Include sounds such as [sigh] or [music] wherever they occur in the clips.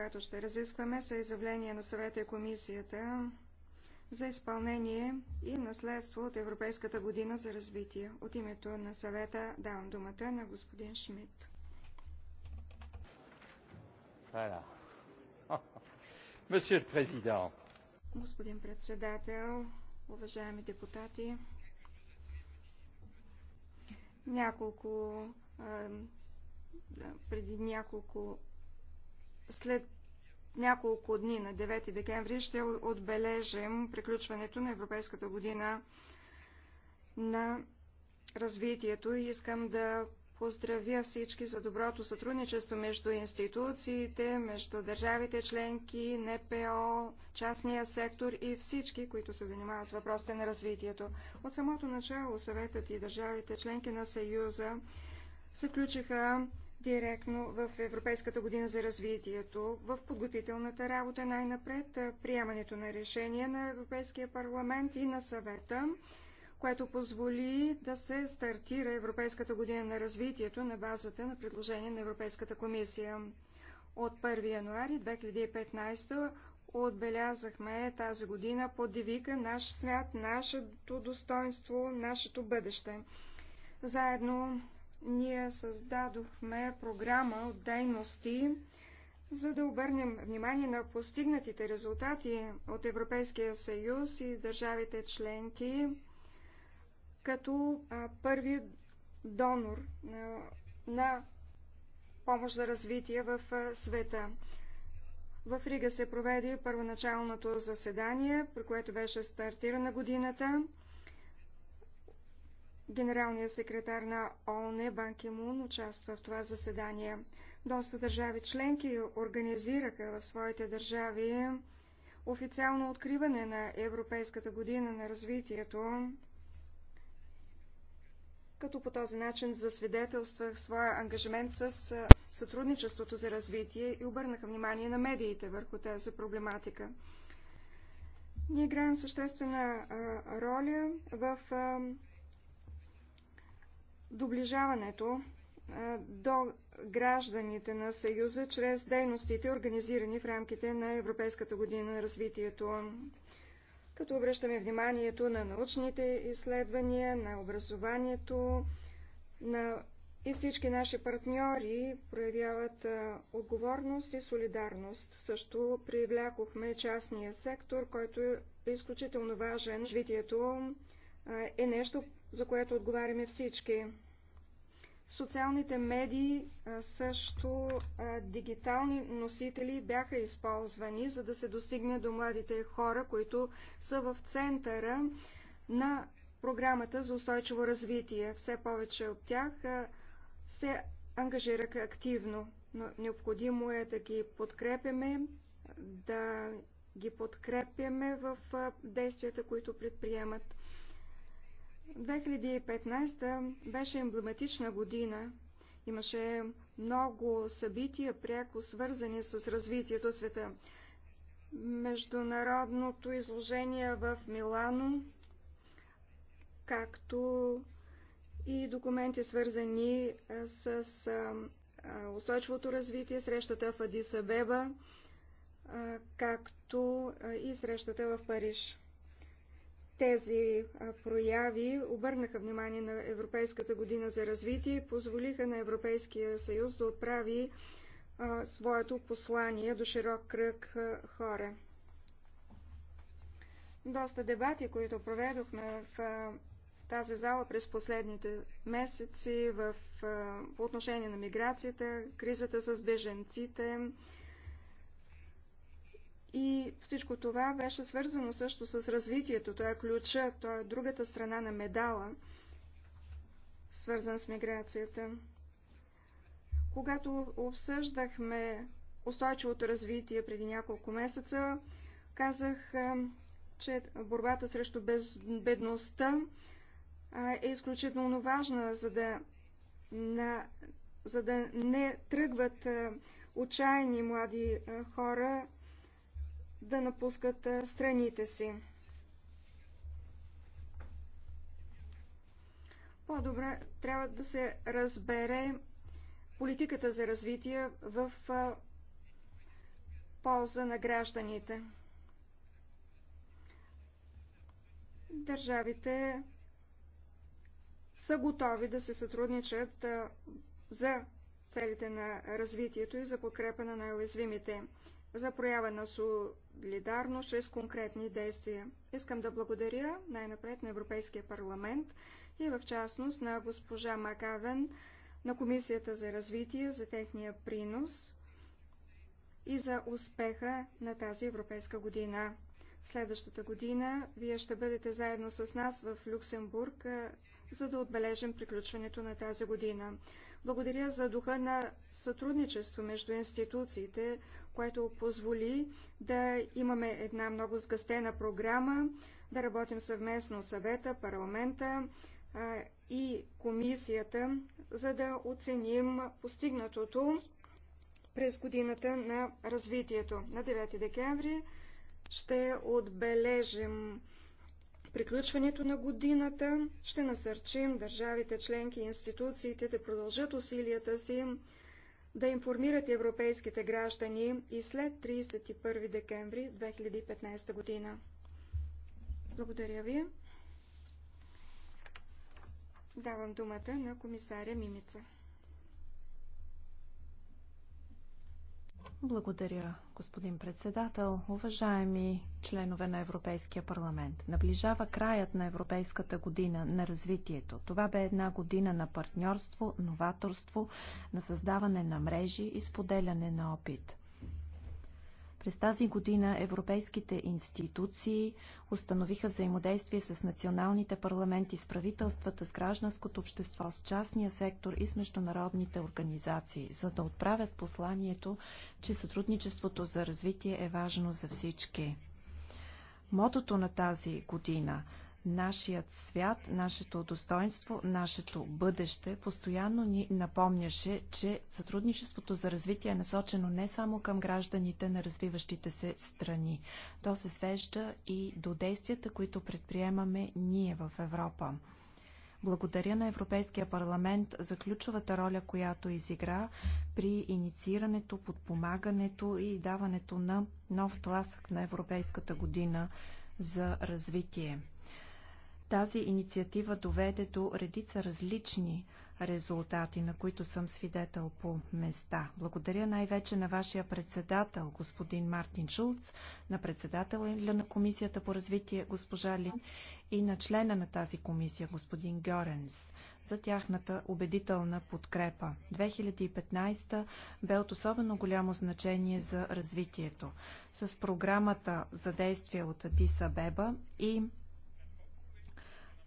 която ще разискваме, са изявления на съвета и комисията за изпълнение и наследство от Европейската година за развитие. От името на съвета давам думата на господин Шмидт. [laughs] Господин председател, уважаеми депутати, няколко преди няколко след няколко дни на 9 декември ще отбележим приключването на Европейската година на развитието и искам да поздравя всички за доброто сътрудничество между институциите, между държавите членки, НПО, частния сектор и всички, които се занимават с въпросите на развитието. От самото начало съветът и държавите членки на Съюза се включиха директно в Европейската година за развитието, в подготвителната работа най-напред, приемането на решение на Европейския парламент и на съвета, което позволи да се стартира Европейската година на развитието на базата на предложение на Европейската комисия. От 1 януари 2015 отбелязахме тази година под девика наш свят, нашето достоинство, нашето бъдеще. Заедно ние създадохме програма от дейности, за да обърнем внимание на постигнатите резултати от Европейския съюз и държавите членки като първи донор на, на помощ за развитие в света. В Рига се проведе първоначалното заседание, при което беше стартирана годината. Генералният секретар на ООН Бан Мун участва в това заседание. Доста държави членки организираха в своите държави официално откриване на Европейската година на развитието, като по този начин засвидетелствах своя ангажимент с сътрудничеството за развитие и обърнаха внимание на медиите върху тази проблематика. Ние играем съществена роля в доближаването до гражданите на Съюза чрез дейностите, организирани в рамките на Европейската година на развитието. Като обръщаме вниманието на научните изследвания, на образованието, на и всички наши партньори проявяват отговорност и солидарност. Също привлякохме частния сектор, който е изключително важен. Развитието е нещо, за което отговаряме всички. Социалните медии също дигитални носители бяха използвани, за да се достигне до младите хора, които са в центъра на програмата за устойчиво развитие. Все повече от тях се ангажираха активно, но необходимо е да ги подкрепяме, да ги подкрепяме в действията, които предприемат. 2015 беше емблематична година. Имаше много събития, пряко свързани с развитието в света. Международното изложение в Милано, както и документи свързани с устойчивото развитие, срещата в Адисабеба, както и срещата в Париж. Тези прояви обърнаха внимание на Европейската година за развитие и позволиха на Европейския съюз да отправи а, своето послание до широк кръг а, хора. Доста дебати, които проведохме в а, тази зала през последните месеци в, по отношение на миграцията, кризата с беженците, и всичко това беше свързано също с развитието. Той е ключа, той е другата страна на медала, свързан с миграцията. Когато обсъждахме устойчивото развитие преди няколко месеца, казах, че борбата срещу без... бедността е изключително важна, за да, на... за да не тръгват отчаяни млади хора да напускат страните си. По-добре трябва да се разбере политиката за развитие в полза на гражданите. Държавите са готови да се сътрудничат за целите на развитието и за подкрепа на най-уязвимите за проява на солидарност чрез конкретни действия. Искам да благодаря най-напред на Европейския парламент и в частност на госпожа Макавен на Комисията за развитие за техния принос и за успеха на тази европейска година. Следващата година вие ще бъдете заедно с нас в Люксембург, за да отбележим приключването на тази година. Благодаря за духа на сътрудничество между институциите, което позволи да имаме една много сгъстена програма, да работим съвместно съвета, парламента а, и комисията, за да оценим постигнатото през годината на развитието. На 9 декември ще отбележим приключването на годината ще насърчим държавите членки и институциите да продължат усилията си да информират европейските граждани и след 31 декември 2015 година. Благодаря ви. Давам думата на комисаря Мимица. Благодаря, господин председател. Уважаеми членове на Европейския парламент, наближава краят на Европейската година на развитието. Това бе една година на партньорство, новаторство, на създаване на мрежи и споделяне на опит. През тази година европейските институции установиха взаимодействие с националните парламенти, с правителствата, с гражданското общество, с частния сектор и с международните организации, за да отправят посланието, че сътрудничеството за развитие е важно за всички. Мотото на тази година Нашият свят, нашето достоинство, нашето бъдеще постоянно ни напомняше, че сътрудничеството за развитие е насочено не само към гражданите на развиващите се страни. То се свежда и до действията, които предприемаме ние в Европа. Благодаря на Европейския парламент за ключовата роля, която изигра при инициирането, подпомагането и даването на нов тласък на Европейската година за развитие. Тази инициатива доведе до редица различни резултати, на които съм свидетел по места. Благодаря най-вече на вашия председател, господин Мартин Шулц, на председателя на Комисията по развитие, госпожа Лин, и на члена на тази комисия, господин Гьоренс, за тяхната убедителна подкрепа. 2015 бе от особено голямо значение за развитието. С програмата за действие от Адиса Беба и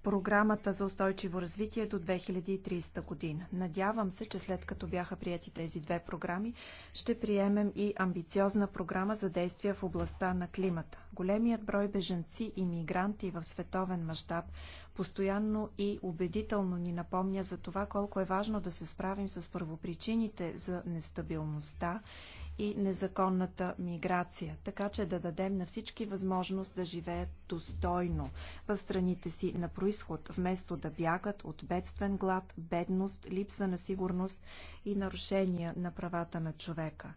програмата за устойчиво развитие до 2030 година. Надявам се, че след като бяха прияти тези две програми, ще приемем и амбициозна програма за действия в областта на климата. Големият брой беженци и мигранти в световен мащаб постоянно и убедително ни напомня за това колко е важно да се справим с първопричините за нестабилността и незаконната миграция, така че да дадем на всички възможност да живеят достойно в страните си на происход, вместо да бягат от бедствен глад, бедност, липса на сигурност и нарушения на правата на човека.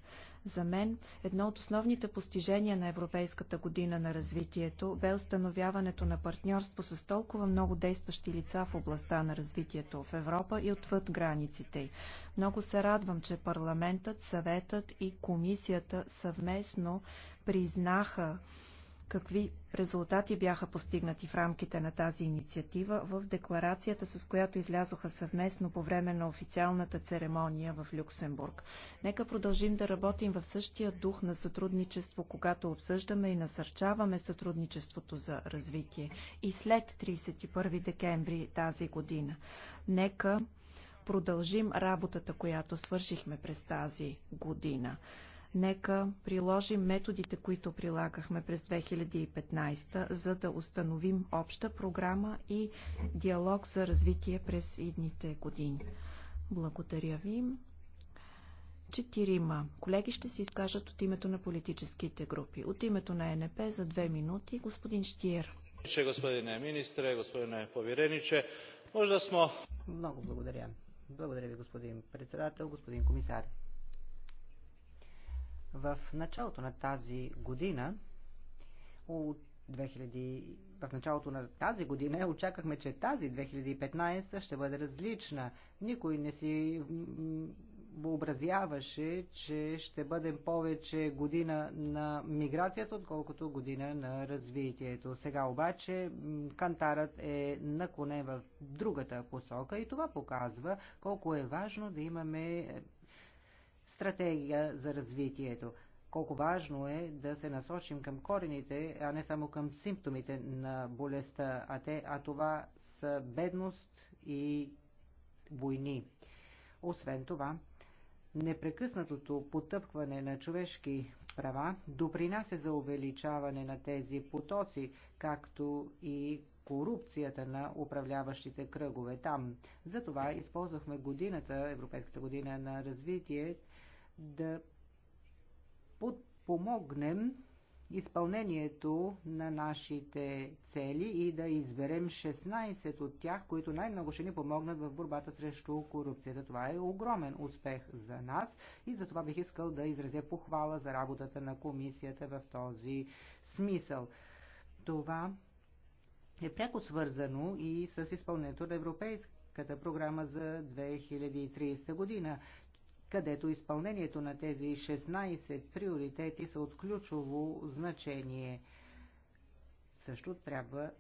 За мен едно от основните постижения на Европейската година на развитието бе установяването на партньорство с толкова много действащи лица в областта на развитието в Европа и отвъд границите й. Много се радвам, че парламентът, съветът и комисията съвместно признаха какви резултати бяха постигнати в рамките на тази инициатива в декларацията, с която излязоха съвместно по време на официалната церемония в Люксембург. Нека продължим да работим в същия дух на сътрудничество, когато обсъждаме и насърчаваме сътрудничеството за развитие и след 31 декември тази година. Нека продължим работата, която свършихме през тази година. Нека приложим методите, които прилагахме през 2015, за да установим обща програма и диалог за развитие през идните години. Благодаря ви. Четирима. Колеги ще се изкажат от името на политическите групи. От името на НП за две минути господин Штиер. Господине министре, господине поверениче, може да смо... Много благодаря. Благодаря ви, господин председател, господин комисар. В началото на тази година, от 2000, в началото на тази година очаквахме, че тази 2015 ще бъде различна. Никой не си въобразяваше, че ще бъдем повече година на миграцията, отколкото година на развитието. Сега обаче кантарът е наклонен в другата посока и това показва колко е важно да имаме стратегия за развитието. Колко важно е да се насочим към корените, а не само към симптомите на болестта, а, те, а това са бедност и войни. Освен това, непрекъснатото потъпкване на човешки права допринася за увеличаване на тези потоци, както и корупцията на управляващите кръгове там. Затова използвахме годината, Европейската година на развитие, да подпомогнем изпълнението на нашите цели и да изберем 16 от тях, които най-много ще ни помогнат в борбата срещу корупцията. Това е огромен успех за нас и за това бих искал да изразя похвала за работата на комисията в този смисъл. Това е пряко свързано и с изпълнението на европейската програма за 2030 година където изпълнението на тези 16 приоритети са от ключово значение. Също трябва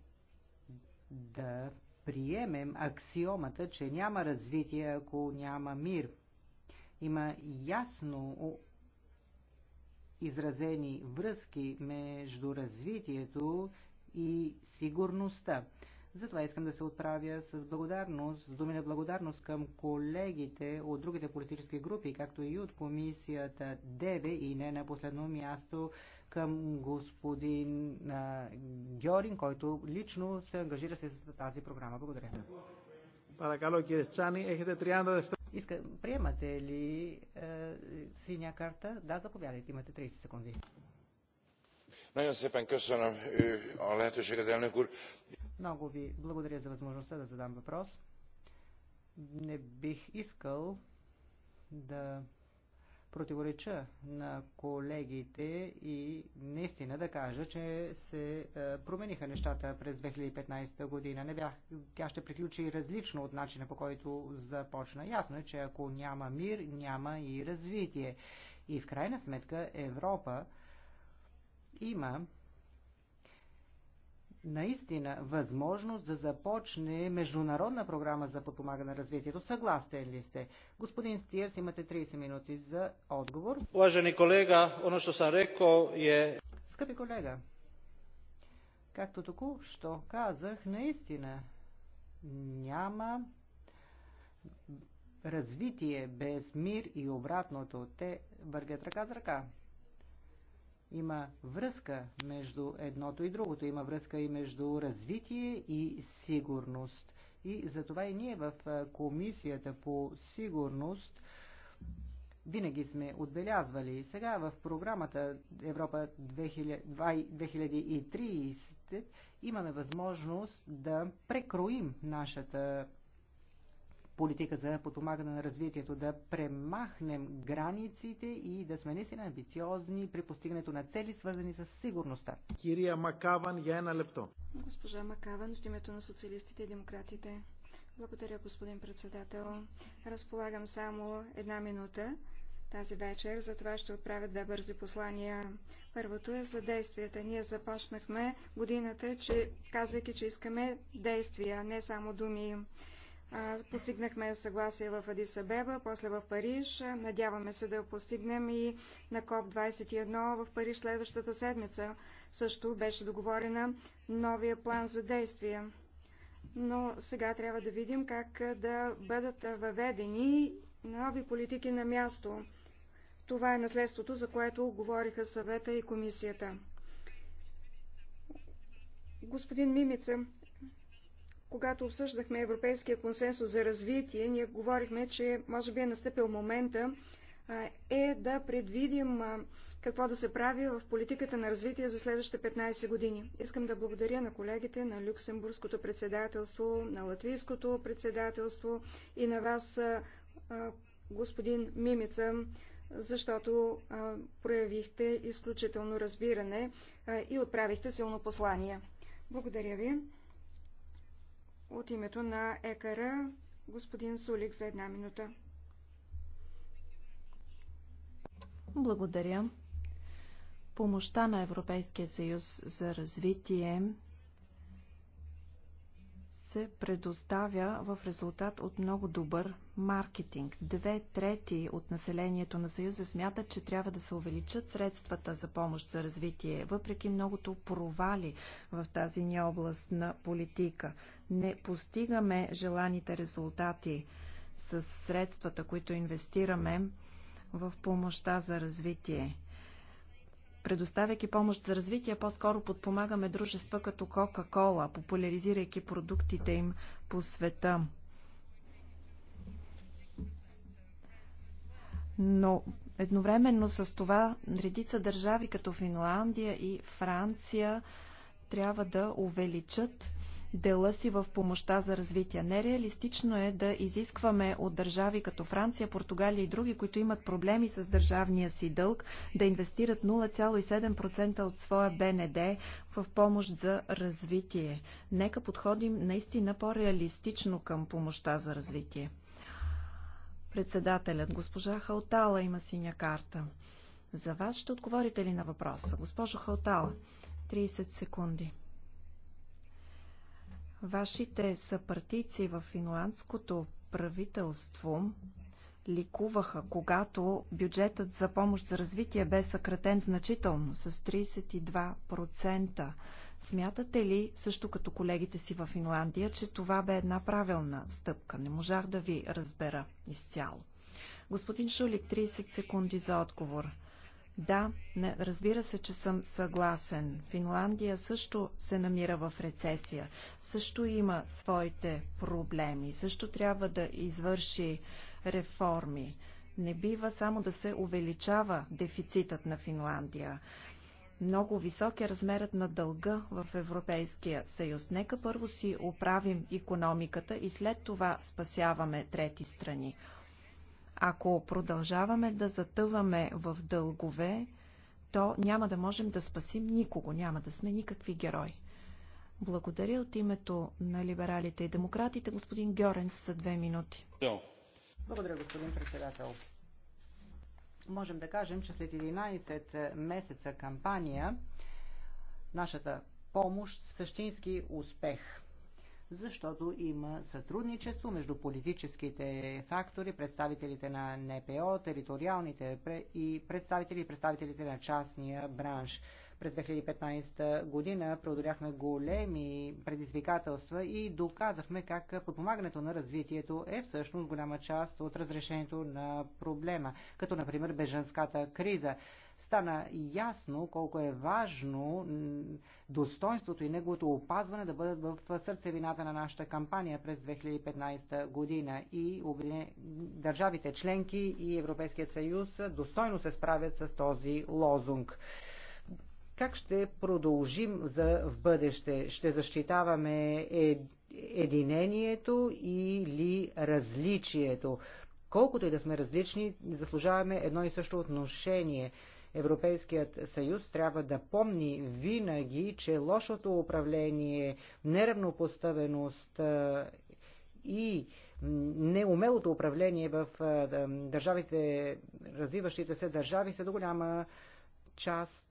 да приемем аксиомата, че няма развитие, ако няма мир. Има ясно изразени връзки между развитието и сигурността. Затова искам да се отправя с благодарност, с думи на благодарност към колегите от другите политически групи, както и от комисията ДЕВЕ и не на последно място към господин а, Георин, който лично се ангажира с тази програма. Благодаря. Паракало, Кирчани, ехете 30 дефтера. Иска, приемате ли е, синя карта? Да, заповядайте, имате 30 секунди. Nagyon szépen köszönöm a lehetőséget, elnök úr. Много ви благодаря за възможността да задам въпрос. Не бих искал да противореча на колегите и наистина да кажа, че се е, промениха нещата през 2015 година. Не бях, тя ще приключи различно от начина по който започна. Ясно е, че ако няма мир, няма и развитие. И в крайна сметка Европа има наистина възможност да започне международна програма за подпомагане на развитието. Съгласен ли сте? Господин Стиерс, имате 30 минути за отговор. Уважени колега, оно що съм реко е... Скъпи колега, както току-що казах, наистина няма развитие без мир и обратното. Те вървят ръка за ръка. Има връзка между едното и другото. Има връзка и между развитие и сигурност. И затова и ние в Комисията по сигурност винаги сме отбелязвали. Сега в програмата Европа 2030 имаме възможност да прекроим нашата политика за подпомагане на развитието, да премахнем границите и да сме наистина амбициозни при постигането на цели, свързани с сигурността. Кирия Макаван, я една лепто. Госпожа Макаван, от името на социалистите и демократите. Благодаря, господин председател. Разполагам само една минута тази вечер, затова ще отправя две бързи послания. Първото е за действията. Ние започнахме годината, че, казвайки, че искаме действия, не само думи. Постигнахме съгласие в Адисабеба, после в Париж. Надяваме се да постигнем и на КОП-21 в Париж следващата седмица. Също беше договорена новия план за действие. Но сега трябва да видим как да бъдат въведени нови политики на място. Това е наследството, за което говориха съвета и комисията. Господин Мимица, когато обсъждахме Европейския консенсус за развитие, ние говорихме, че може би е настъпил момента е да предвидим какво да се прави в политиката на развитие за следващите 15 години. Искам да благодаря на колегите на Люксембургското председателство, на Латвийското председателство и на вас, господин Мимица, защото проявихте изключително разбиране и отправихте силно послание. Благодаря ви. От името на ЕКР, господин Сулик за една минута. Благодаря. Помощта на Европейския съюз за развитие се предоставя в резултат от много добър маркетинг. Две трети от населението на Съюза смятат, че трябва да се увеличат средствата за помощ за развитие, въпреки многото провали в тази ни област на политика. Не постигаме желаните резултати с средствата, които инвестираме в помощта за развитие предоставяйки помощ за развитие, по-скоро подпомагаме дружества като Кока-Кола, популяризирайки продуктите им по света. Но едновременно с това редица държави като Финландия и Франция трябва да увеличат дела си в помощта за развитие. Нереалистично е да изискваме от държави като Франция, Португалия и други, които имат проблеми с държавния си дълг, да инвестират 0,7% от своя БНД в помощ за развитие. Нека подходим наистина по-реалистично към помощта за развитие. Председателят, госпожа Халтала, има синя карта. За вас ще отговорите ли на въпроса? Госпожо Халтала, 30 секунди. Вашите съпартийци в финландското правителство ликуваха, когато бюджетът за помощ за развитие бе съкратен значително с 32%. Смятате ли, също като колегите си в Финландия, че това бе една правилна стъпка? Не можах да ви разбера изцяло. Господин Шулик, 30 секунди за отговор. Да, не, разбира се, че съм съгласен. Финландия също се намира в рецесия, също има своите проблеми, също трябва да извърши реформи. Не бива само да се увеличава дефицитът на Финландия. Много висок е размерът на дълга в Европейския съюз. Нека първо си оправим економиката и след това спасяваме трети страни. Ако продължаваме да затъваме в дългове, то няма да можем да спасим никого, няма да сме никакви герои. Благодаря от името на либералите и демократите, господин Гьоренс, за две минути. Благодаря, господин председател. Можем да кажем, че след 11 месеца кампания, нашата помощ същински успех – защото има сътрудничество между политическите фактори, представителите на НПО, териториалните и представители и представителите на частния бранш. През 2015 година преодоляхме големи предизвикателства и доказахме как подпомагането на развитието е всъщност голяма част от разрешението на проблема, като например беженската криза стана ясно колко е важно достоинството и неговото опазване да бъдат в сърцевината на нашата кампания през 2015 година и държавите членки и Европейският съюз достойно се справят с този лозунг. Как ще продължим за в бъдеще? Ще защитаваме единението или различието? Колкото и да сме различни, заслужаваме едно и също отношение. Европейският съюз трябва да помни винаги, че лошото управление, неравнопоставеност и неумелото управление в държавите, развиващите се държави са до голяма част,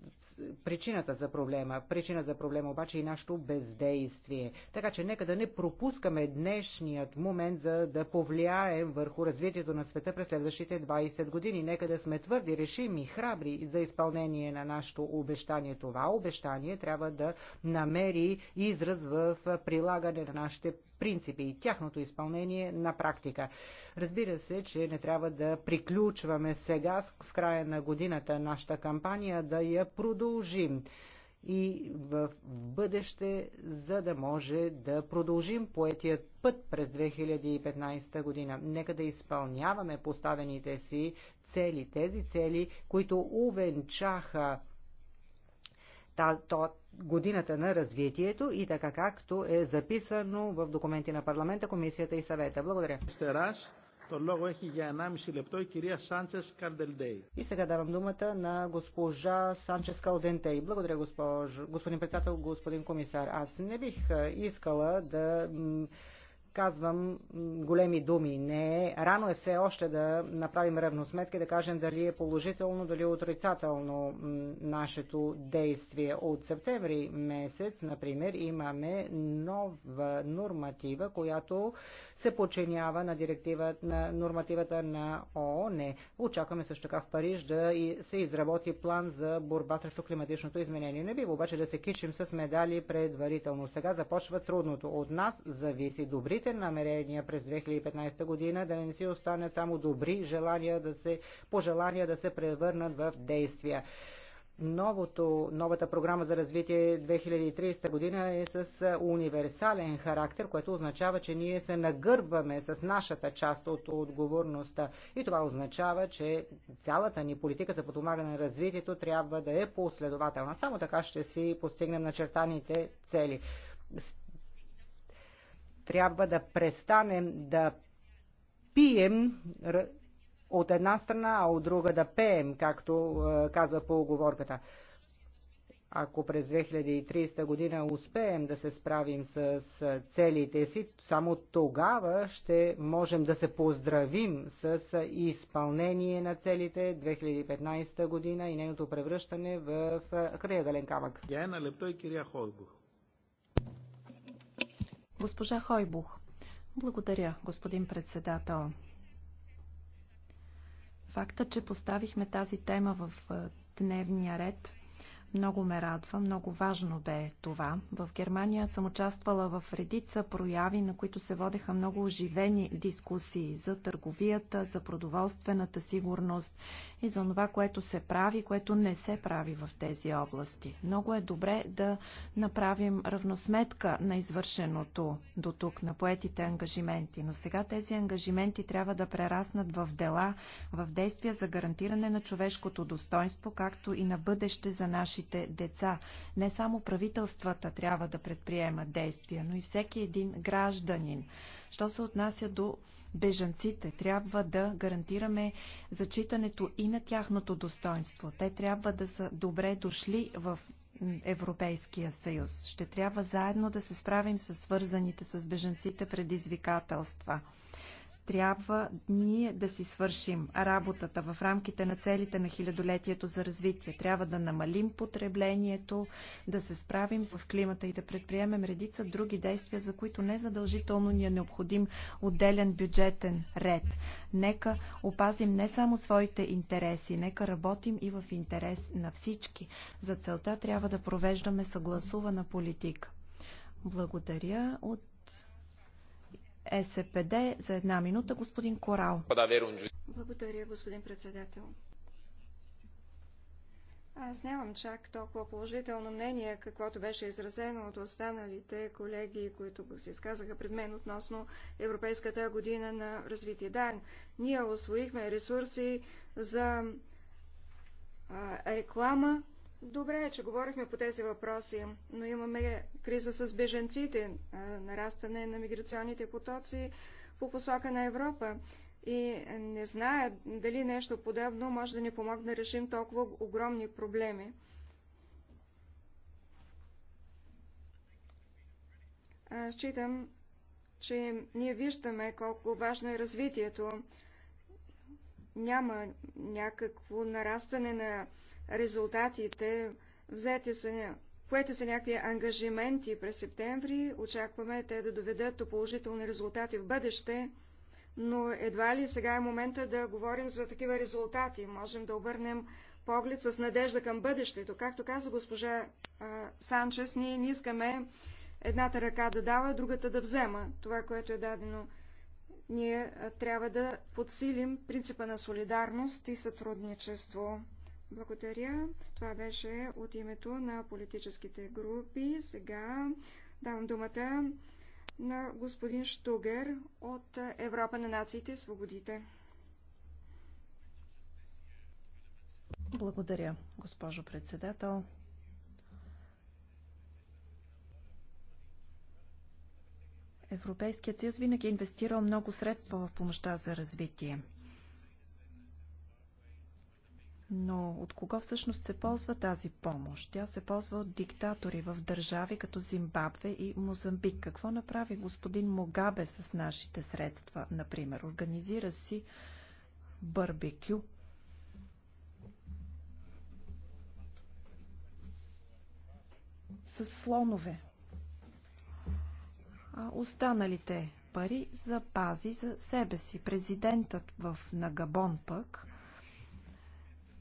причината за проблема. Причина за проблема обаче е и нашето бездействие. Така че нека да не пропускаме днешният момент за да повлияем върху развитието на света през следващите 20 години. Нека да сме твърди, решими и храбри за изпълнение на нашето обещание. Това обещание трябва да намери израз в прилагане на нашите принципи и тяхното изпълнение на практика. Разбира се, че не трябва да приключваме сега, в края на годината, нашата кампания, да я продължим и в бъдеще, за да може да продължим поетият път през 2015 година. Нека да изпълняваме поставените си цели, тези цели, които увенчаха та, то, годината на развитието и така както е записано в документи на парламента, комисията и съвета. Благодаря. И сега давам думата на госпожа Санчес Калдентей. Благодаря, госпож... господин председател, господин комисар. Аз не бих искала да казвам големи думи. Не е. Рано е все още да направим равносметка и да кажем дали е положително, дали е отрицателно нашето действие. От септември месец, например, имаме нова норматива, която се подчинява на, директивата, на нормативата на ООН. Очакваме също така в Париж да се изработи план за борба срещу климатичното изменение. Не бива обаче да се кичим с медали предварително. Сега започва трудното. От нас зависи добрите добрите намерения през 2015 година, да не си останат само добри желания да се, пожелания да се превърнат в действия. Новото, новата програма за развитие 2030 година е с универсален характер, което означава, че ние се нагърбваме с нашата част от отговорността. И това означава, че цялата ни политика за подпомагане на развитието трябва да е последователна. Само така ще си постигнем начертаните цели трябва да престанем да пием от една страна, а от друга да пеем, както е, казва по оговорката. Ако през 2030 година успеем да се справим с целите си, само тогава ще можем да се поздравим с изпълнение на целите 2015 година и нейното превръщане в краягален камък. Я една лепто и кирия Госпожа Хойбух. Благодаря, господин председател. Факта, че поставихме тази тема в дневния ред много ме радва, много важно бе това. В Германия съм участвала в редица прояви, на които се водеха много оживени дискусии за търговията, за продоволствената сигурност и за това, което се прави, което не се прави в тези области. Много е добре да направим равносметка на извършеното до тук, на поетите ангажименти, но сега тези ангажименти трябва да прераснат в дела, в действия за гарантиране на човешкото достоинство, както и на бъдеще за нашите нашите деца. Не само правителствата трябва да предприемат действия, но и всеки един гражданин. Що се отнася до бежанците, трябва да гарантираме зачитането и на тяхното достоинство. Те трябва да са добре дошли в Европейския съюз. Ще трябва заедно да се справим с свързаните с бежанците предизвикателства трябва ние да си свършим работата в рамките на целите на хилядолетието за развитие. Трябва да намалим потреблението, да се справим с климата и да предприемем редица други действия, за които не задължително ни е необходим отделен бюджетен ред. Нека опазим не само своите интереси, нека работим и в интерес на всички. За целта трябва да провеждаме съгласувана политика. Благодаря от СПД за една минута, господин Корал. Благодаря, господин председател. Аз нямам чак толкова положително мнение, каквото беше изразено от останалите колеги, които се изказаха пред мен относно Европейската година на развитие. Да, ние освоихме ресурси за реклама, Добре е, че говорихме по тези въпроси, но имаме криза с беженците, Нарастане на миграционните потоци по посока на Европа. И не зная дали нещо подобно може да ни помогне да решим толкова огромни проблеми. Считам, че ние виждаме колко важно е развитието. Няма някакво нарастване на резултатите, взете са, поете са някакви ангажименти през септември, очакваме те да доведат до положителни резултати в бъдеще, но едва ли сега е момента да говорим за такива резултати. Можем да обърнем поглед с надежда към бъдещето. Както каза госпожа а, Санчес, ние не искаме едната ръка да дава, другата да взема това, което е дадено. Ние трябва да подсилим принципа на солидарност и сътрудничество. Благодаря. Това беше от името на политическите групи. Сега давам думата на господин Штугер от Европа на нациите свободите. Благодаря, госпожо председател. Европейският съюз винаги е инвестирал много средства в помощта за развитие. Но от кого всъщност се ползва тази помощ? Тя се ползва от диктатори в държави като Зимбабве и Мозамбик. Какво направи господин Могабе с нашите средства, например? Организира си барбекю. С слонове. А останалите пари запази за себе си. Президентът в Нагабон пък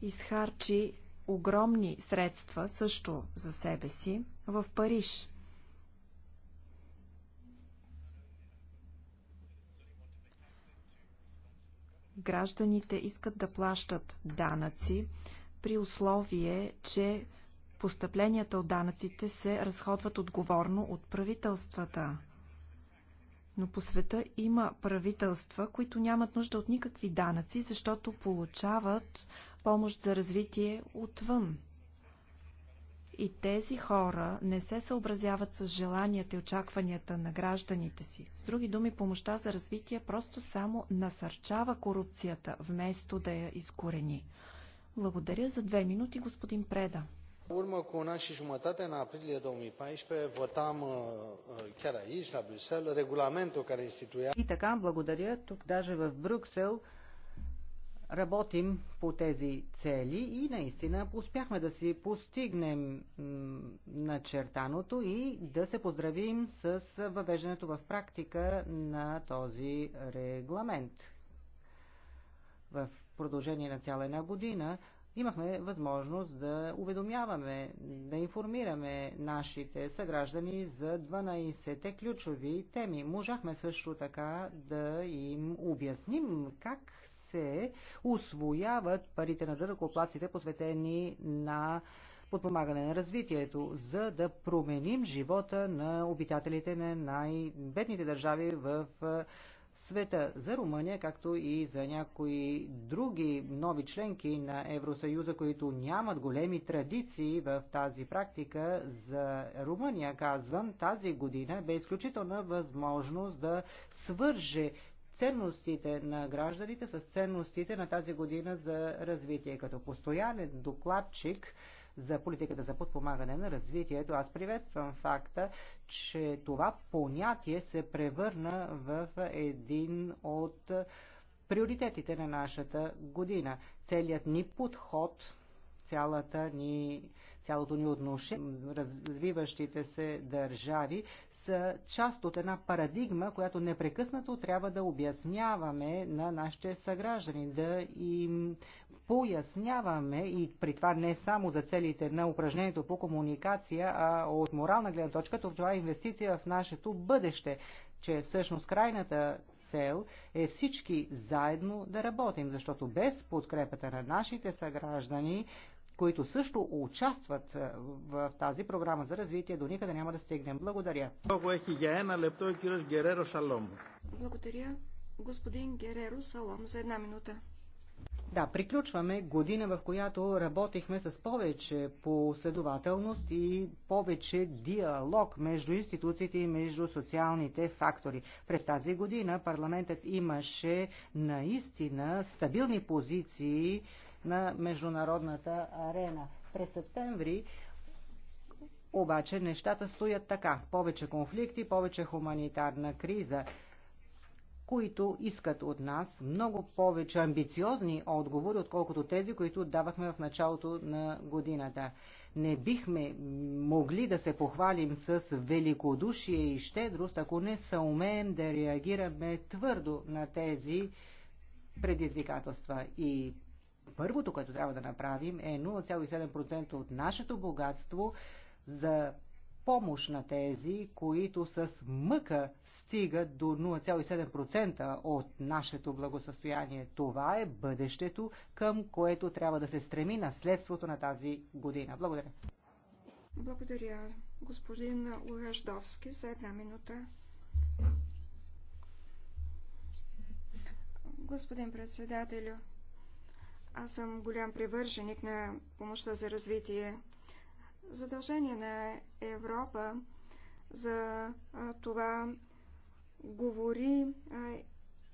изхарчи огромни средства също за себе си в Париж. Гражданите искат да плащат данъци при условие, че постъпленията от данъците се разходват отговорно от правителствата. Но по света има правителства, които нямат нужда от никакви данъци, защото получават помощ за развитие отвън. И тези хора не се съобразяват с желанията и очакванията на гражданите си. С други думи, помощта за развитие просто само насърчава корупцията, вместо да я изкорени. Благодаря за две минути, господин Преда în urmă cu un an și jumătate în aprilie două mii paisprezece votam uh, uh, chiar aici la bruxelles regulamentul care instituia. И така, благодаря. Тук даже в Брюксел работим по тези цели и наистина успяхме да си постигнем начертаното и да се поздравим с въвеждането в практика на този регламент. В продължение на цяла една година имахме възможност да уведомяваме, да информираме нашите съграждани за 12-те ключови теми. Можахме също така да им обясним как се освояват парите на дъркоплаците, посветени на подпомагане на развитието, за да променим живота на обитателите на най-бедните държави в света за Румъния, както и за някои други нови членки на Евросъюза, които нямат големи традиции в тази практика. За Румъния, казвам, тази година бе изключителна възможност да свърже ценностите на гражданите с ценностите на тази година за развитие. Като постоянен докладчик за политиката за подпомагане на развитието. Аз приветствам факта, че това понятие се превърна в един от приоритетите на нашата година. Целият ни подход цялата ни, цялото ни отношение, развиващите се държави са част от една парадигма, която непрекъснато трябва да обясняваме на нашите съграждани, да им поясняваме и при това не само за целите на упражнението по комуникация, а от морална гледна точка, това е инвестиция в нашето бъдеще, че всъщност крайната цел е всички заедно да работим, защото без подкрепата на нашите съграждани които също участват е, в тази програма за развитие, до никъде няма да стигнем. Благодаря. Благодаря. Господин Гереро Салом за една минута. Да, приключваме година, в която работихме с повече последователност и повече диалог между институциите и между социалните фактори. През тази година парламентът имаше наистина стабилни позиции на международната арена. През септември обаче нещата стоят така. Повече конфликти, повече хуманитарна криза които искат от нас много повече амбициозни отговори, отколкото тези, които давахме в началото на годината. Не бихме могли да се похвалим с великодушие и щедрост, ако не съумеем да реагираме твърдо на тези предизвикателства. И първото, което трябва да направим е 0,7% от нашето богатство за помощ на тези, които с мъка стигат до 0,7% от нашето благосъстояние. Това е бъдещето, към което трябва да се стреми наследството на тази година. Благодаря. Благодаря, господин Ураждовски, за една минута. Господин председателю, аз съм голям привърженик на помощта за развитие. Задължение на Европа за това говори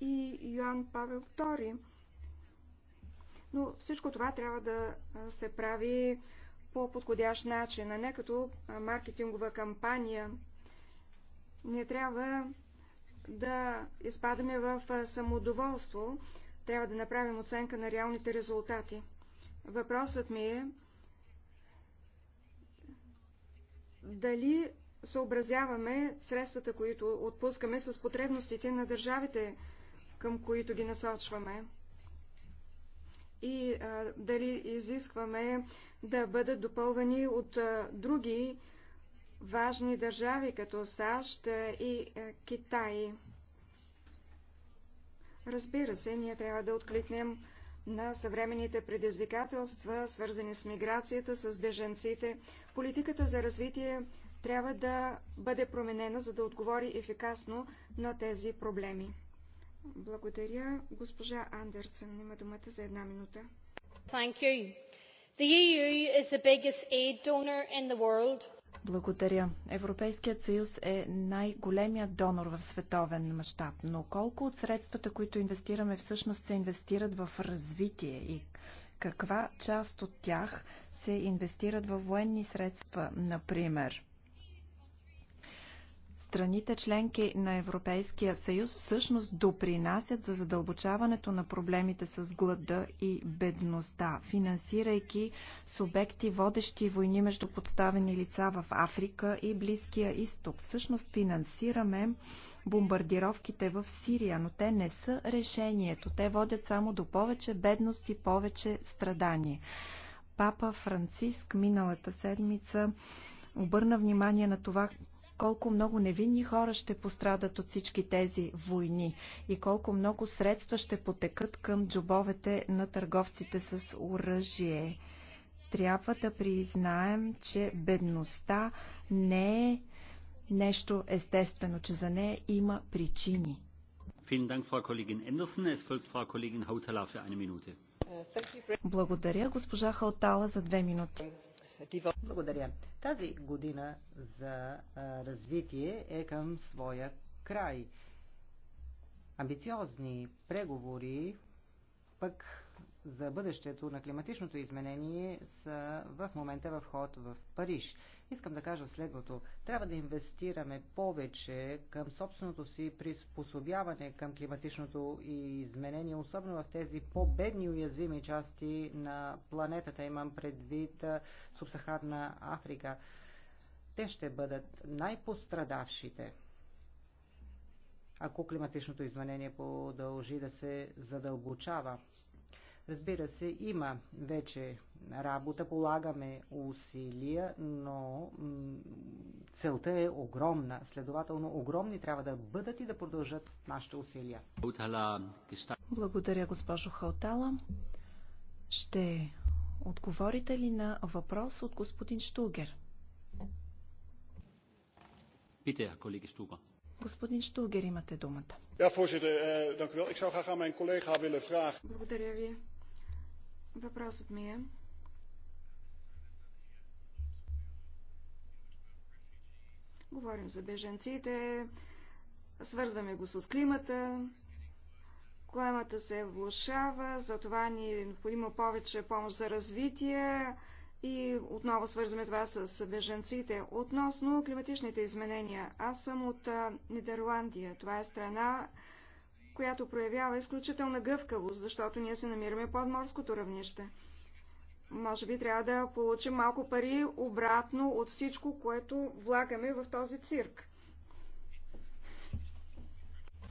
и Йоан Павел II. Но всичко това трябва да се прави по подходящ начин, а не като маркетингова кампания. Не трябва да изпадаме в самодоволство, трябва да направим оценка на реалните резултати. Въпросът ми е дали съобразяваме средствата, които отпускаме с потребностите на държавите, към които ги насочваме. И а, дали изискваме да бъдат допълвани от а, други важни държави, като САЩ и а, Китай. Разбира се, ние трябва да откликнем на съвременните предизвикателства, свързани с миграцията, с беженците. Политиката за развитие трябва да бъде променена, за да отговори ефикасно на тези проблеми. Благодаря. Госпожа Андерсън има думата за една минута. Thank you. The EU is the biggest aid donor in the world благодаря. Европейският съюз е най-големият донор в световен мащаб, но колко от средствата, които инвестираме, всъщност се инвестират в развитие и каква част от тях се инвестират в военни средства, например? страните членки на Европейския съюз всъщност допринасят за задълбочаването на проблемите с глада и бедността, финансирайки субекти, водещи войни между подставени лица в Африка и Близкия изток. Всъщност финансираме бомбардировките в Сирия, но те не са решението. Те водят само до повече бедност и повече страдание. Папа Франциск миналата седмица обърна внимание на това колко много невинни хора ще пострадат от всички тези войни и колко много средства ще потекат към джобовете на търговците с оръжие. Трябва да признаем, че бедността не е нещо естествено, че за нея има причини. Благодаря, госпожа Халтала, за две минути. Благодаря. Тази година за развитие е към своя край. Амбициозни преговори пък за бъдещето на климатичното изменение са в момента в ход в Париж. Искам да кажа следното. Трябва да инвестираме повече към собственото си приспособяване към климатичното изменение, особено в тези по-бедни уязвими части на планетата. Имам предвид субсахарна Африка. Те ще бъдат най-пострадавшите ако климатичното изменение продължи да се задълбочава. Разбира се, има вече работа, полагаме усилия, но целта е огромна. Следователно, огромни трябва да бъдат и да продължат нашите усилия. Благодаря, госпожо Халтала. Ще отговорите ли на въпрос от господин Штугер? Питая, колеги Штугер. Господин Штугер, имате думата. Eh, Благодаря ви. Въпросът ми е... Говорим за беженците, свързваме го с климата, климата се влушава, затова ни е необходимо повече помощ за развитие и отново свързваме това с беженците. Относно климатичните изменения, аз съм от Нидерландия. Това е страна, която проявява изключителна гъвкавост, защото ние се намираме под морското равнище. Може би трябва да получим малко пари обратно от всичко, което влагаме в този цирк.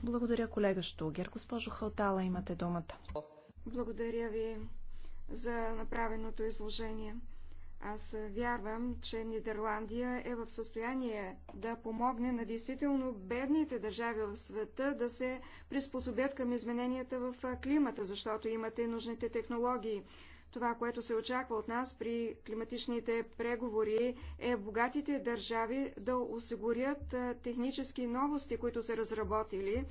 Благодаря, колега Штугер. Госпожо Халтала, имате думата. Благодаря ви за направеното изложение. Аз вярвам, че Нидерландия е в състояние да помогне на действително бедните държави в света да се приспособят към измененията в климата, защото имате нужните технологии. Това, което се очаква от нас при климатичните преговори, е богатите държави да осигурят технически новости, които са разработили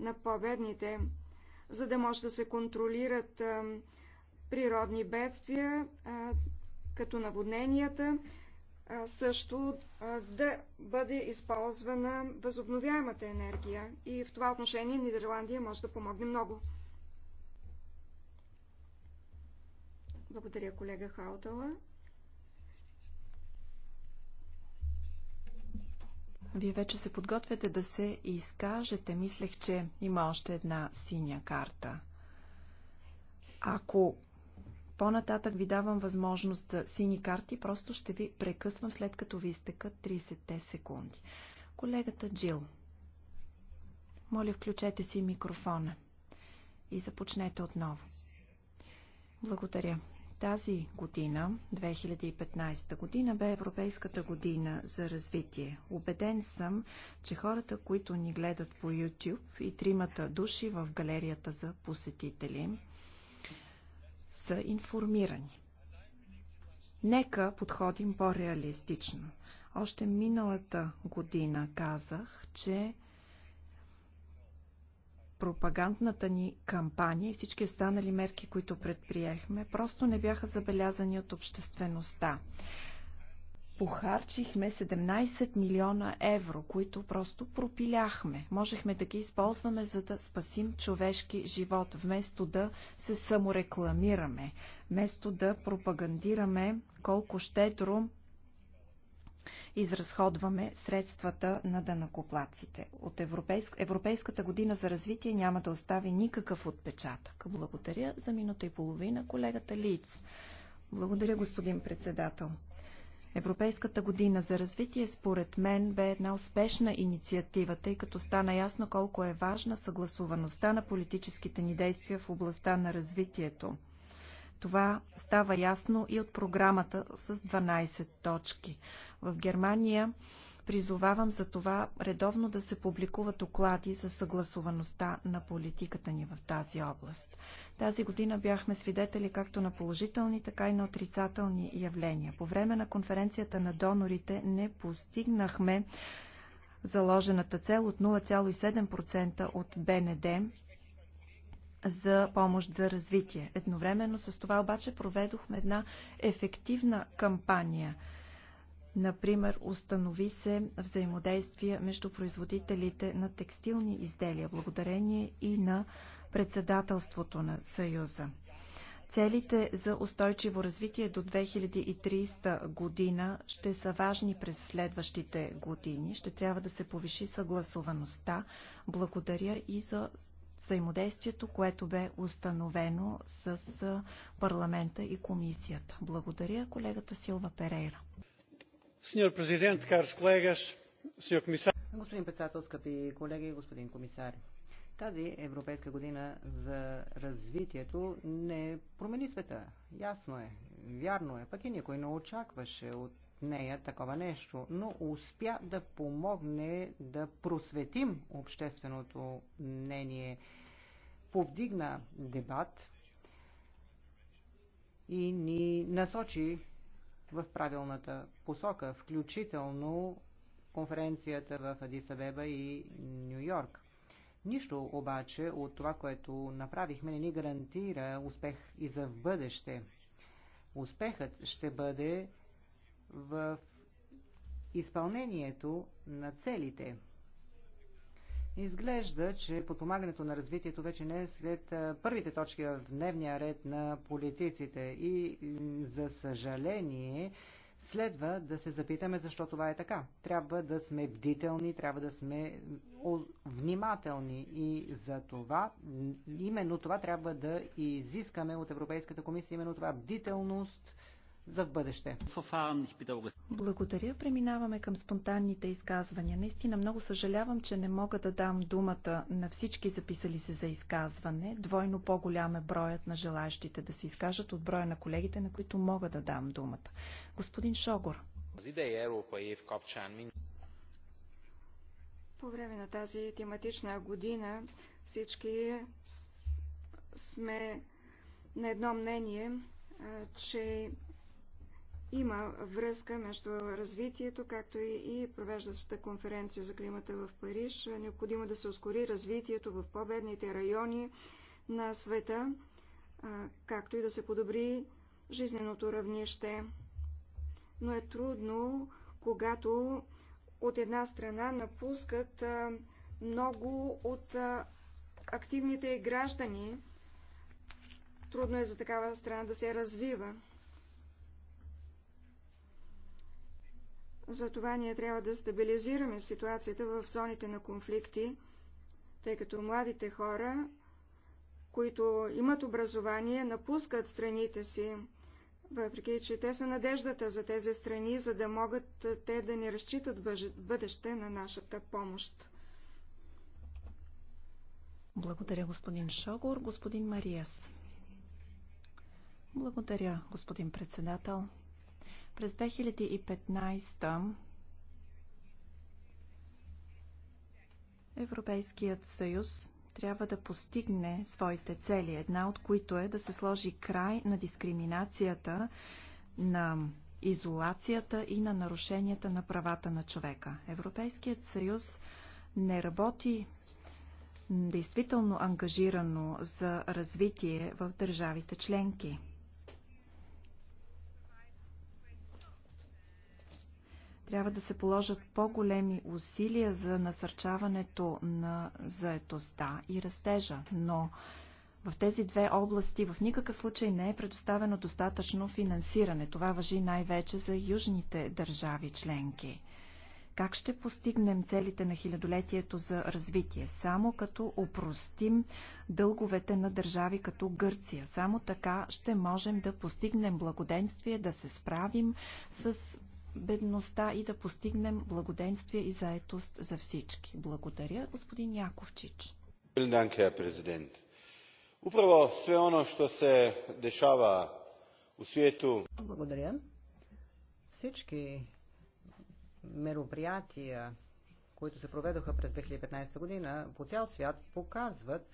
на победните, за да може да се контролират природни бедствия, като наводненията, също да бъде използвана възобновяемата енергия. И в това отношение Нидерландия може да помогне много. Благодаря, колега Хаутала. Вие вече се подготвяте да се изкажете. Мислех, че има още една синя карта. Ако по-нататък ви давам възможност за сини карти, просто ще ви прекъсвам след като ви изтекат 30 секунди. Колегата Джил, моля включете си микрофона и започнете отново. Благодаря. Тази година, 2015 година, бе Европейската година за развитие. Обеден съм, че хората, които ни гледат по YouTube и тримата души в галерията за посетители, са информирани. Нека подходим по-реалистично. Още миналата година казах, че пропагандната ни кампания и всички останали мерки, които предприехме, просто не бяха забелязани от обществеността похарчихме 17 милиона евро, които просто пропиляхме. Можехме да ги използваме, за да спасим човешки живот, вместо да се саморекламираме, вместо да пропагандираме колко щедро изразходваме средствата на дънакоплаците. От Европейск... Европейската година за развитие няма да остави никакъв отпечатък. Благодаря за минута и половина колегата Лиц. Благодаря, господин председател. Европейската година за развитие според мен бе една успешна инициатива, тъй като стана ясно колко е важна съгласуваността на политическите ни действия в областта на развитието. Това става ясно и от програмата с 12 точки. В Германия Призовавам за това редовно да се публикуват доклади за съгласуваността на политиката ни в тази област. Тази година бяхме свидетели както на положителни, така и на отрицателни явления. По време на конференцията на донорите не постигнахме заложената цел от 0,7% от БНД за помощ за развитие. Едновременно с това обаче проведохме една ефективна кампания – Например, установи се взаимодействие между производителите на текстилни изделия, благодарение и на председателството на Съюза. Целите за устойчиво развитие до 2030 година ще са важни през следващите години. Ще трябва да се повиши съгласуваността. Благодаря и за взаимодействието, което бе установено с парламента и комисията. Благодаря колегата Силва Перейра. Господин председател, скъпи колеги, господин комисар. Тази Европейска година за развитието не промени света. Ясно е, вярно е, пък и никой не очакваше от нея такова нещо, но успя да помогне да просветим общественото мнение. Повдигна дебат и ни насочи в правилната посока, включително конференцията в Адисабеба и Нью Йорк. Нищо обаче от това, което направихме, не ни гарантира успех и за в бъдеще. Успехът ще бъде в изпълнението на целите – Изглежда, че подпомагането на развитието вече не е след първите точки в дневния ред на политиците и за съжаление следва да се запитаме защо това е така. Трябва да сме бдителни, трябва да сме внимателни и за това, именно това трябва да изискаме от Европейската комисия, именно това бдителност за в бъдеще. Благодаря. Преминаваме към спонтанните изказвания. Наистина много съжалявам, че не мога да дам думата на всички записали се за изказване. Двойно по-голям е броят на желаящите да се изкажат от броя на колегите, на които мога да дам думата. Господин Шогор. По време на тази тематична година всички сме на едно мнение, че има връзка между развитието, както и провеждащата конференция за климата в Париж. Необходимо да се ускори развитието в по-бедните райони на света, както и да се подобри жизненото равнище. Но е трудно, когато от една страна напускат много от активните граждани. Трудно е за такава страна да се развива. Затова ние трябва да стабилизираме ситуацията в зоните на конфликти, тъй като младите хора, които имат образование, напускат страните си, въпреки че те са надеждата за тези страни, за да могат те да не разчитат бъдеще на нашата помощ. Благодаря, господин Шогор. Господин Мариес. Благодаря, господин председател. През 2015 Европейският съюз трябва да постигне своите цели, една от които е да се сложи край на дискриминацията, на изолацията и на нарушенията на правата на човека. Европейският съюз не работи действително ангажирано за развитие в държавите членки. Трябва да се положат по-големи усилия за насърчаването на заетостта и растежа, но в тези две области в никакъв случай не е предоставено достатъчно финансиране. Това въжи най-вече за южните държави членки. Как ще постигнем целите на хилядолетието за развитие? Само като опростим дълговете на държави като Гърция. Само така ще можем да постигнем благоденствие, да се справим с бедността и да постигнем благоденствие и заетост за всички. Благодаря, господин Яковчич. Благодаря, президент. Управо все оно, що се дешава u свету... Благодаря. Всички мероприятия, които се проведоха през 2015 година по цял свят, показват,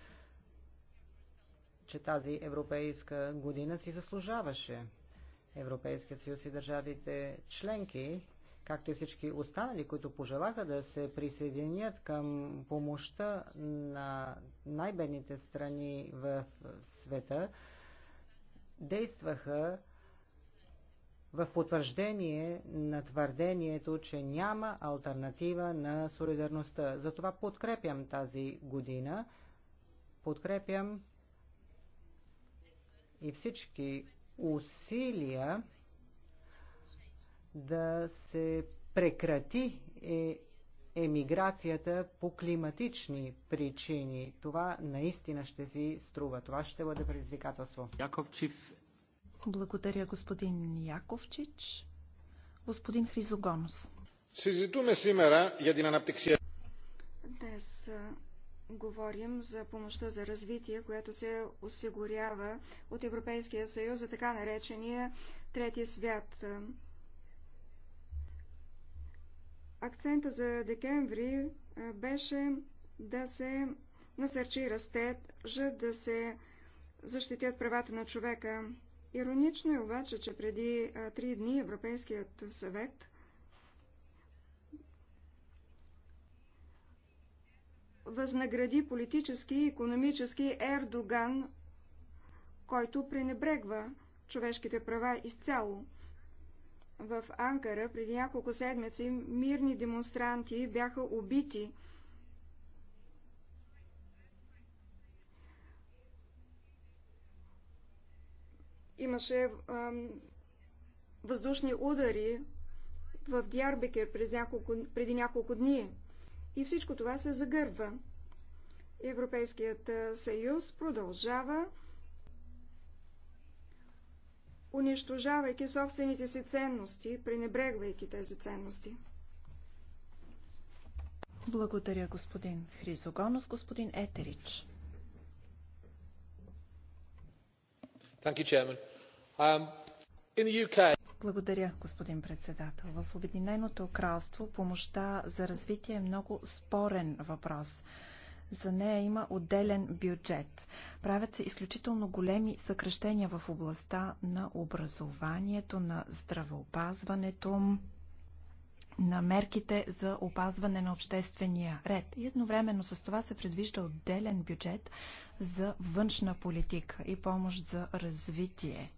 че тази европейска година си заслужаваше Европейският съюз и държавите членки, както и всички останали, които пожелаха да се присъединят към помощта на най-бедните страни в света, действаха в потвърждение на твърдението, че няма альтернатива на солидарността. Затова подкрепям тази година, подкрепям и всички усилия да се прекрати е, емиграцията по климатични причини. Това наистина ще си струва. Това ще бъде предизвикателство. Яковчив. Благодаря, господин Яковчич. Господин Хризогонос. Συζητούμε σήμερα για един анаптексия. Днес говорим за помощта за развитие, която се осигурява от Европейския съюз за така наречения Третия свят. Акцента за декември беше да се насърчи растежа, да се защитят правата на човека. Иронично е обаче, че преди три дни Европейският съвет възнагради политически и економически Ердоган, който пренебрегва човешките права изцяло. В Анкара преди няколко седмици мирни демонстранти бяха убити. Имаше ам, въздушни удари в Дярбекер преди няколко, преди няколко дни. И всичко това се загърва. Европейският съюз продължава унищожавайки собствените си ценности, пренебрегвайки тези ценности. Благодаря, господин Хризогонос, господин Етерич. Thank you, Chairman. Um, in the UK... Благодаря, господин председател. В Обединеното кралство помощта за развитие е много спорен въпрос. За нея има отделен бюджет. Правят се изключително големи съкрещения в областта на образованието, на здравеопазването, на мерките за опазване на обществения ред. И едновременно с това се предвижда отделен бюджет за външна политика и помощ за развитие.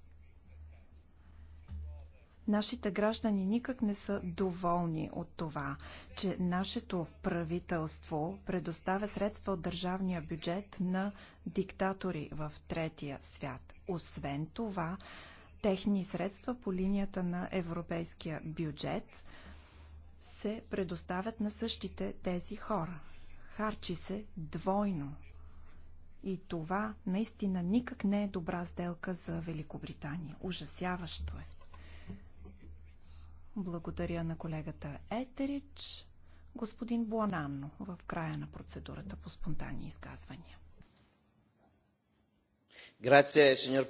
Нашите граждани никак не са доволни от това, че нашето правителство предоставя средства от държавния бюджет на диктатори в третия свят. Освен това, техни средства по линията на европейския бюджет се предоставят на същите тези хора. Харчи се двойно. И това наистина никак не е добра сделка за Великобритания. Ужасяващо е. Благодаря на колегата Етерич. Господин Буананно, в края на процедурата по спонтанни изказвания. Грация, сеньор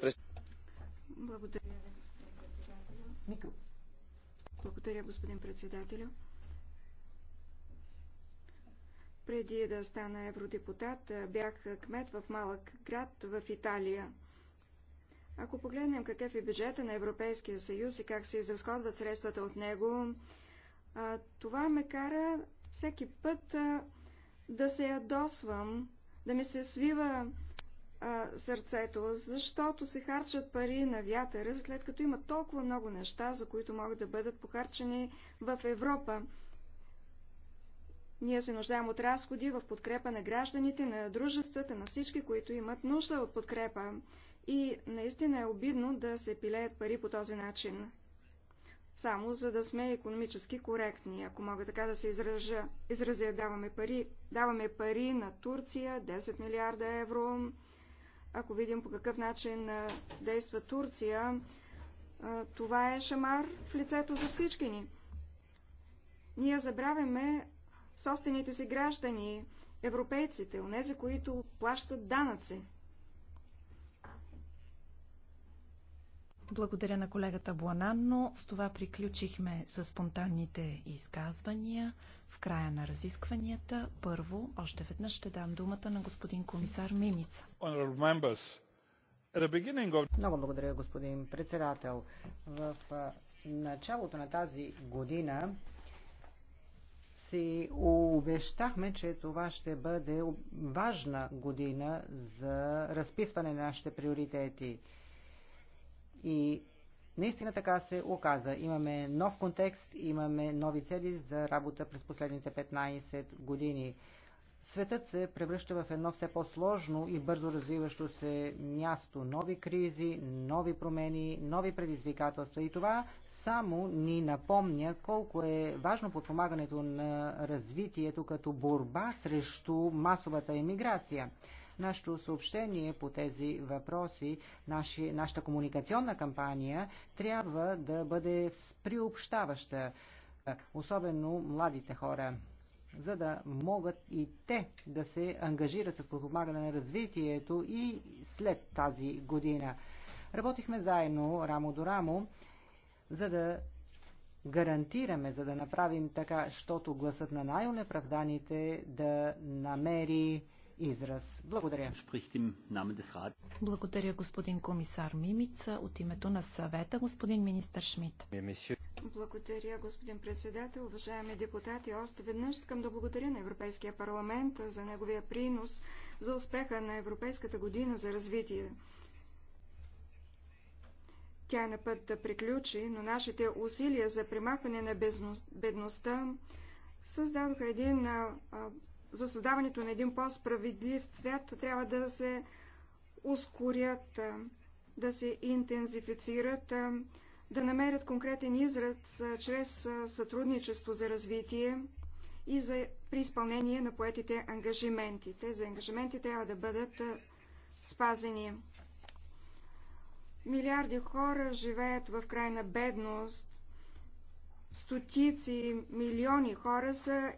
Благодаря, господин председател. Благодаря, господин председателю. Преди да стана евродепутат, бях кмет в малък град в Италия – ако погледнем какъв е бюджета на Европейския съюз и как се изразходват средствата от него, това ме кара всеки път да се ядосвам, да ми се свива сърцето, защото се харчат пари на вятъра, след като има толкова много неща, за които могат да бъдат похарчени в Европа. Ние се нуждаем от разходи в подкрепа на гражданите, на дружествата, на всички, които имат нужда от подкрепа. И наистина е обидно да се пилеят пари по този начин. Само за да сме економически коректни, ако мога така да се изража. Изразя, даваме пари, даваме пари на Турция, 10 милиарда евро. Ако видим по какъв начин действа Турция, това е шамар в лицето за всички ни. Ние забравяме собствените си граждани, европейците, онези, които плащат данъци. Благодаря на колегата Буанан, но с това приключихме с спонтанните изказвания. В края на разискванията, първо, още веднъж ще дам думата на господин комисар Мимица. Много благодаря, господин председател. В началото на тази година си обещахме, че това ще бъде важна година за разписване на нашите приоритети. И наистина така се оказа. Имаме нов контекст, имаме нови цели за работа през последните 15 години. Светът се превръща в едно все по-сложно и бързо развиващо се място. Нови кризи, нови промени, нови предизвикателства. И това само ни напомня колко е важно подпомагането на развитието като борба срещу масовата емиграция. Нашето съобщение по тези въпроси, наши, нашата комуникационна кампания трябва да бъде приобщаваща, особено младите хора за да могат и те да се ангажират с подпомагане на развитието и след тази година. Работихме заедно, рамо до рамо, за да гарантираме, за да направим така, щото гласът на най-унеправданите да намери израз. Благодаря. Благодаря, господин комисар Мимица. От името на съвета, господин министър Шмидт. Благодаря, господин председател. Уважаеми депутати, още веднъж искам да благодаря на Европейския парламент за неговия принос за успеха на Европейската година за развитие. Тя е на път да приключи, но нашите усилия за примахване на бедността създадоха един за създаването на един по-справедлив свят трябва да се ускорят, да се интензифицират, да намерят конкретен израз чрез сътрудничество за развитие и за, при изпълнение на поетите ангажименти. Тези ангажименти трябва да бъдат спазени. Милиарди хора живеят в крайна бедност. Стотици милиони хора са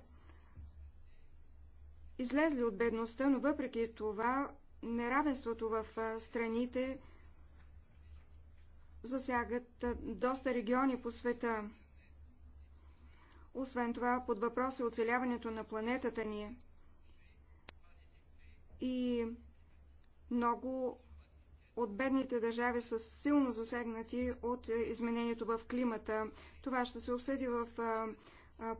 излезли от бедността, но въпреки това неравенството в страните засягат доста региони по света. Освен това, под въпрос е оцеляването на планетата ни. И много от бедните държави са силно засегнати от изменението в климата. Това ще се обсъди в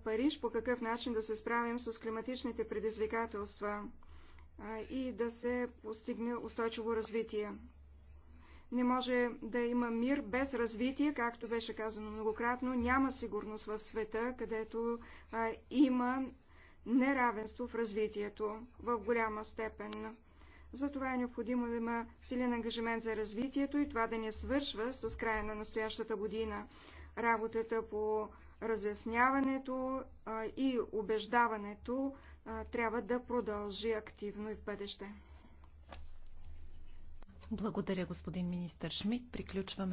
Париж, по какъв начин да се справим с климатичните предизвикателства и да се постигне устойчиво развитие. Не може да има мир без развитие, както беше казано многократно. Няма сигурност в света, където а, има неравенство в развитието в голяма степен. Затова е необходимо да има силен ангажимент за развитието и това да не свършва с края на настоящата година. Работата по разясняването и убеждаването трябва да продължи активно и в бъдеще. Благодаря, господин министър Шмидт. Приключваме.